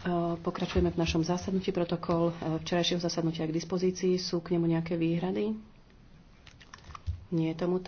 Eh, pokračujeme v našom zasadnutí. Protokol eh, včerajšieho zasadnutia k dispozícii. Sú k nemu nejaké výhrady? Nie je tomu